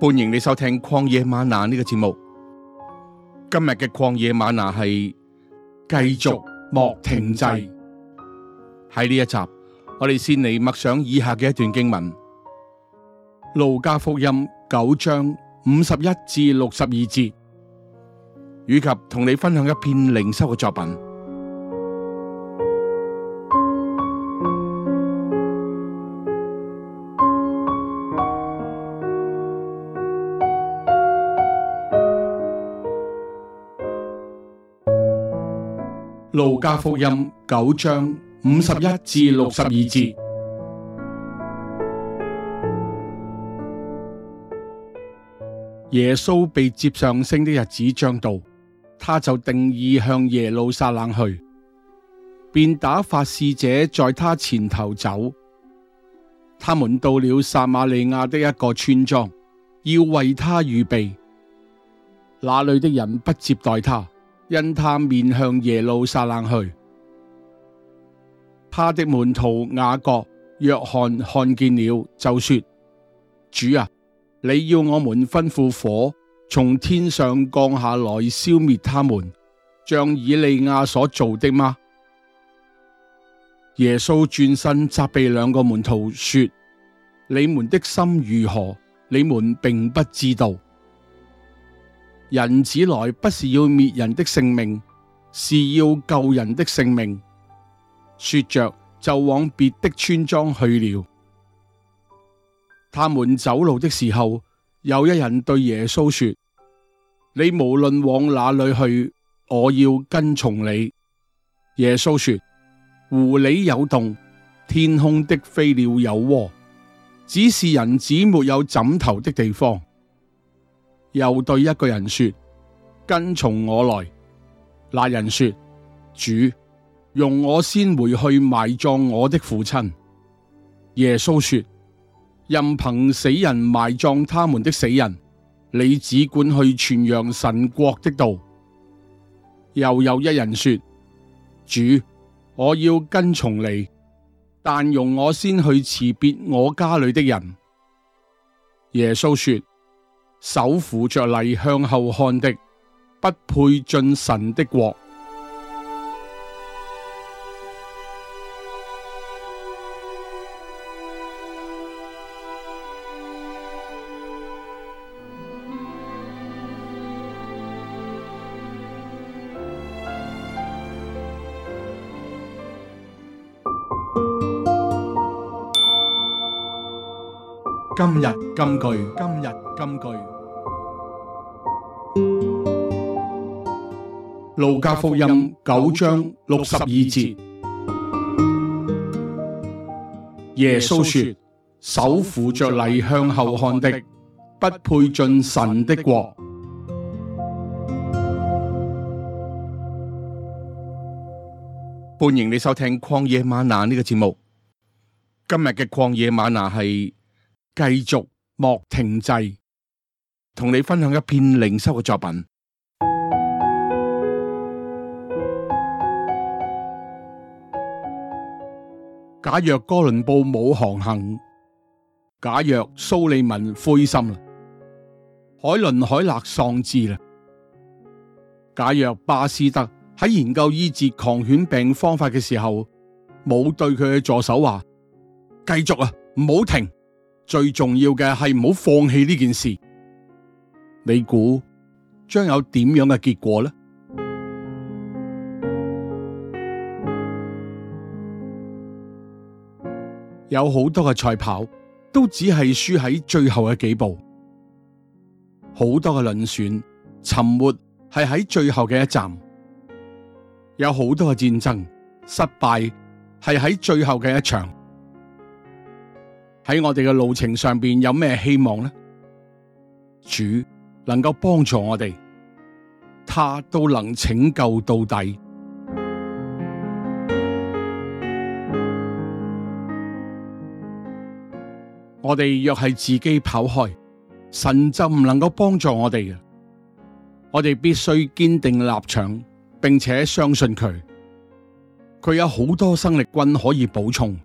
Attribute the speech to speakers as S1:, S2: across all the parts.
S1: 歡迎你收聽曠野嗎哪呢個節目。今日嘅曠野嗎哪係繼續，莫停滯。喺呢一集，我哋先嚟默想以下嘅一段經文：路加福音九章五十一至六十二節，以及同你分享一篇靈修嘅作品。路加福音九章五十一至六十二節，耶穌被接上升的日子將到，他就定意向耶路撒冷去，便打發使者在他前頭走。他們到了撒瑪利亞的一個村莊，要為他預備，那裏的人不接待他。因他面向耶路撒冷去，他的門徒雅各、約翰看見了，就說：主啊，你要我們吩咐火從天上降下來消滅他們，像以利亞所做的嗎？耶穌轉身責備兩個門徒說：你們的心如何？你們並不知道。人子來不是要滅人的性命，是要救人的性命。說着就往別的村莊去了。他們走路的時候，有一人對耶穌說：你無論往哪裏去，我要跟從你。耶穌說：狐狸有洞，天空的飛鳥有窩，只是人子沒有枕頭的地方。又對一個人說：跟從我來。那人說：主，容我先回去埋葬我的父親。耶穌說：任憑死人埋葬他們的死人，你只管去傳揚神國的道。又有一人說：主，我要跟從你，但容我先去辭別我家裏的人。耶穌說。手扶着犁向後看的，不配進神的國。今日金句，今日金句。路加福音九章六十二節，耶穌說：手扶着犁向後看的，不配進神的國。歡迎你收聽曠野嗎哪呢個節目。今日嘅曠野嗎哪係繼續，莫停滯，同你分享一篇靈修嘅作品。假若哥倫布冇航行，假若蘇利文灰心啦，海倫海勒喪志啦，假若巴斯德喺研究醫治狂犬病方法嘅時候，冇對佢嘅助手話：繼續啊，唔好停。最重要嘅係唔好放棄呢件事，你估將有點樣嘅結果咧？ 有好多嘅賽跑都只係輸喺最後嘅幾步，好多嘅輪船沉沒係喺最後嘅一站，有好多嘅戰爭失敗係喺最後嘅一場。喺我哋嘅路程上邊有咩希望呢？主能夠幫助我哋，祂都能拯救到底。 我哋若係自己跑開，神就唔能夠幫助我哋嘅。我哋必須堅定立場，並且相信佢。佢有好多生力軍可以補充。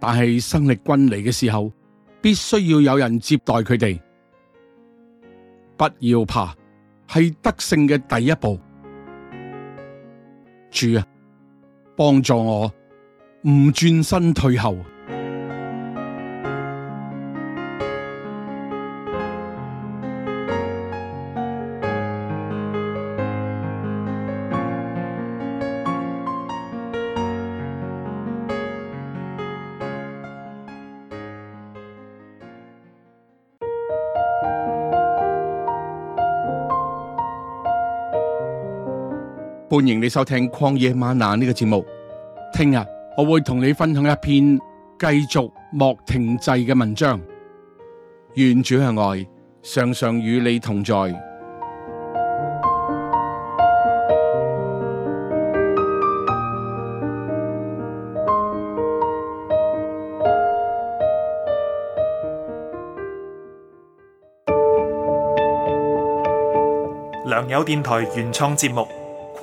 S1: 但係生力軍嚟嘅時候，必須要有人接待佢哋。不要怕，係得勝嘅第一步。主啊，幫助我，唔轉身退後。歡迎你收聽曠野嗎哪呢個節目。聽日我會同你分享一篇繼續莫停滯嘅文章。願主嘅愛常常與你同在。良友電台原創節目。